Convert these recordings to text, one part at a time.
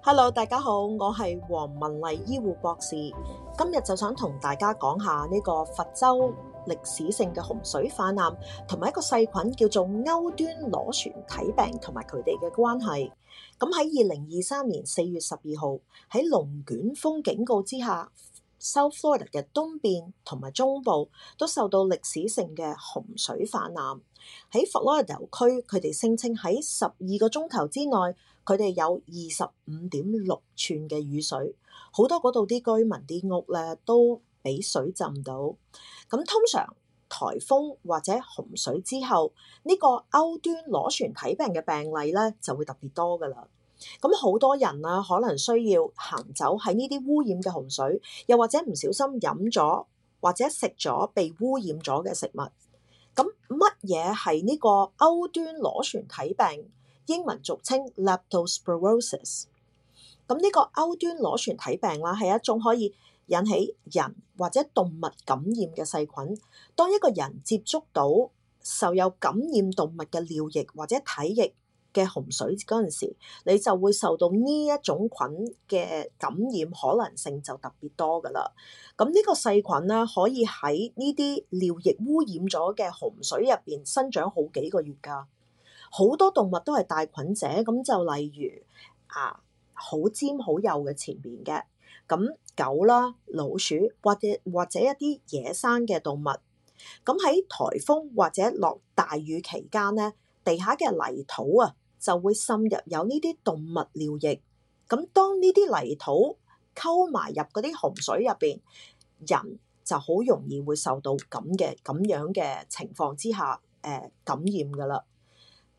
Hello，大家好，我係黃文麗醫護博士，今日就想同大家講下呢個佛州歷史性嘅洪水泛濫，同埋一個細菌叫做鈎端螺旋體病，同埋佢哋嘅關係。咁喺二零二三年四月十二號，喺龍捲風警告之下。South Florida 嘅東邊同埋中部都受到歷史性嘅洪水泛濫。喺佛羅里達區，佢哋聲稱喺十二個鐘頭之內，佢哋有二十五點六吋嘅雨水。好多嗰度啲居民啲屋咧都俾水浸到。咁通常颱風或者洪水之後，呢、這個鉤端螺旋體病嘅病例咧就會特別多噶啦。咁好多人啦、啊，可能需要行走喺呢啲污染嘅洪水，又或者唔小心飲咗或者食咗被污染咗嘅食物。咁乜嘢係呢個鉤端螺旋體病？英文俗稱 Leptospirosis。咁呢個鉤端螺旋體病啦、啊，係一種可以引起人或者動物感染嘅細菌。當一個人接觸到受有感染動物嘅尿液或者體液。嘅洪水嗰陣時，你就會受到呢一種菌嘅感染可能性就特別多噶啦。咁呢個細菌咧，可以喺呢啲尿液污染咗嘅洪水入邊生長好幾個月噶。好多動物都係帶菌者，咁就例如啊，好尖好幼嘅前面嘅，咁狗啦、老鼠或者或者一啲野生嘅動物，咁喺台風或者落大雨期間呢，地下嘅泥土啊～就會滲入有呢啲動物尿液，咁當呢啲泥土溝埋入嗰啲洪水入邊，人就好容易會受到咁嘅咁樣嘅情況之下，誒、呃、感染㗎喇。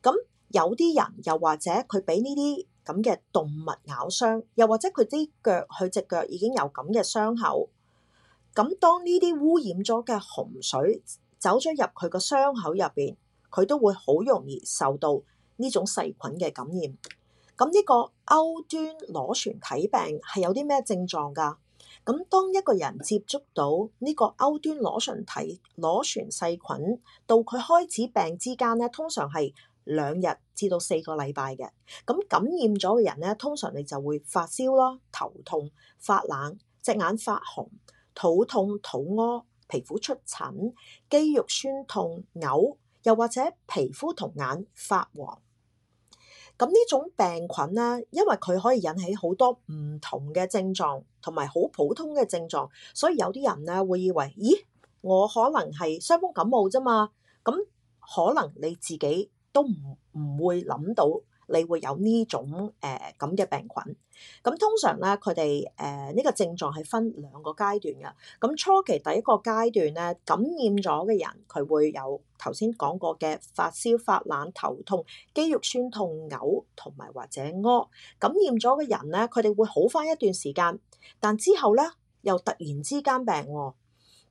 咁有啲人又或者佢俾呢啲咁嘅動物咬傷，又或者佢啲腳佢隻腳已經有咁嘅傷口，咁當呢啲污染咗嘅洪水走咗入佢個傷口入邊，佢都會好容易受到呢種細菌嘅感染，咁呢個鉤端螺旋體病係有啲咩症狀㗎？咁當一個人接觸到呢個鉤端螺旋體螺旋細菌，到佢開始病之間咧，通常係兩日至到四個禮拜嘅。咁感染咗嘅人咧，通常你就會發燒啦、頭痛、發冷、隻眼發紅、肚痛、肚屙、皮膚出疹、肌肉酸痛、嘔、呃，又或者皮膚同眼發黃。咁呢種病菌咧，因為佢可以引起好多唔同嘅症狀，同埋好普通嘅症狀，所以有啲人咧會以為，咦，我可能係傷風感冒啫嘛，咁可能你自己都唔唔會諗到。你會有呢種誒咁嘅病菌。咁通常咧，佢哋誒，呢個症狀係分兩個階段嘅。咁初期第一個階段咧，感染咗嘅人佢會有頭先講過嘅發燒、發冷、頭痛、肌肉酸痛、嘔同埋或者屙。感染咗嘅人咧，佢哋會好返一段時間，但之後咧又突然之間病喎，哦。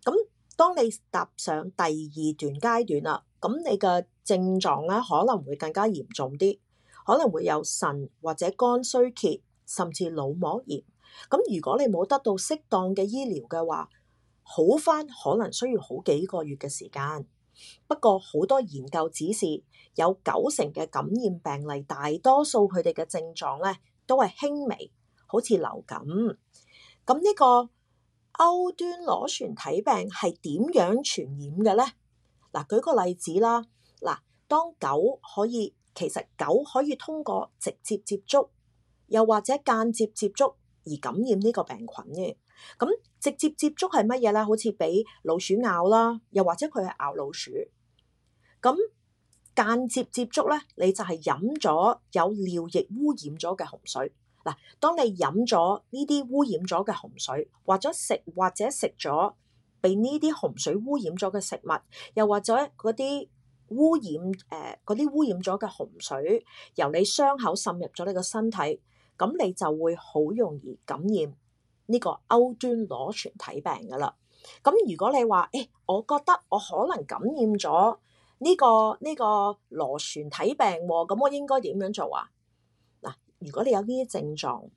咁當你踏上第二段階段啦，咁你嘅症狀咧可能會更加嚴重啲。可能會有腎或者肝衰竭，甚至腦膜炎。咁如果你冇得到適當嘅醫療嘅話，好返可能需要好幾個月嘅時間。不過好多研究指示，有九成嘅感染病例，大多數佢哋嘅症狀呢都係輕微，好似流感。咁呢、這個鉤端螺旋體病係點樣傳染嘅呢？嗱，舉個例子啦，嗱，當狗可以。其實狗可以通過直接接觸，又或者間接接觸而感染呢個病菌嘅。咁、嗯、直接接觸係乜嘢咧？好似俾老鼠咬啦，又或者佢係咬老鼠。咁、嗯、間接接觸咧，你就係飲咗有尿液污染咗嘅洪水。嗱，當你飲咗呢啲污染咗嘅洪水，或者食或者食咗被呢啲洪水污染咗嘅食物，又或者嗰啲。污染，誒、嗰啲污染咗嘅洪水由你傷口滲入咗你個身體，咁你就會好容易感染呢個鉤端螺旋體病噶啦。咁如果你話誒，我覺得我可能感染咗呢個呢個螺旋體病喎，咁我應該點樣做啊？嗱，如果你有呢啲症狀，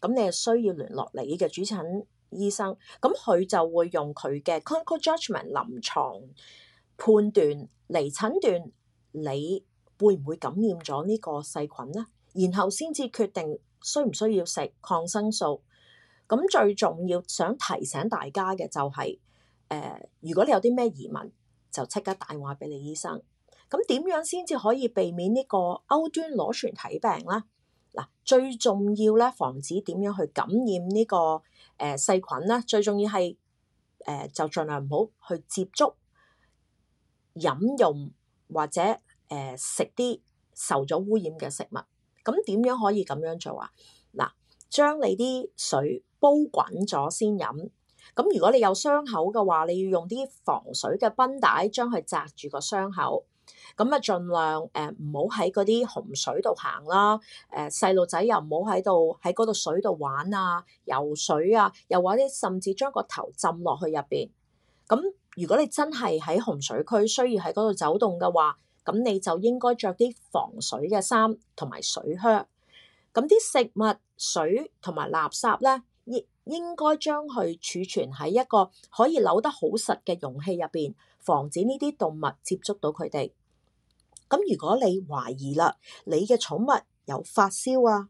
咁你係需要聯絡你嘅主診醫生，咁佢就會用佢嘅 clinical judgement 臨床判斷嚟診斷你會唔會感染咗呢個細菌呢？然後先至決定需唔需要食抗生素。咁最重要想提醒大家嘅就係、是，誒、呃、如果你有啲咩疑問，就即刻打電話俾你醫生。咁點樣先至可以避免呢個鉤端螺旋體病呢？嗱，最重要咧防止點樣去感染呢、這個誒、呃、細菌呢？最重要係誒、呃、就儘量唔好去接觸。飲用或者誒食啲受咗污染嘅食物，咁點樣可以咁樣做啊？嗱，將你啲水煲滾咗先飲。咁如果你有傷口嘅話，你要用啲防水嘅繃帶將佢紮住個傷口。咁啊，儘量誒唔好喺嗰啲洪水度行啦。誒細路仔又唔好喺度喺嗰度水度玩啊、游水啊，又或者甚至將個頭浸落去入邊咁。如果你真係喺洪水區需要喺嗰度走動嘅話，咁你就應該着啲防水嘅衫同埋水靴。咁啲食物、水同埋垃圾呢，亦應該將佢儲存喺一個可以扭得好實嘅容器入邊，防止呢啲動物接觸到佢哋。咁如果你懷疑啦，你嘅寵物有發燒啊、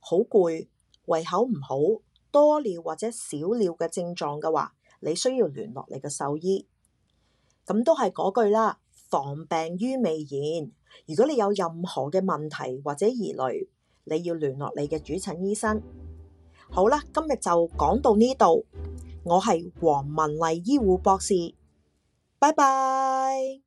好攰、胃口唔好、多尿或者少尿嘅症狀嘅話，你需要聯絡你嘅獸醫，咁都係嗰句啦，防病於未然。如果你有任何嘅問題或者疑慮，你要聯絡你嘅主診醫生。好啦，今日就講到呢度，我係黃文麗醫護博士，拜拜。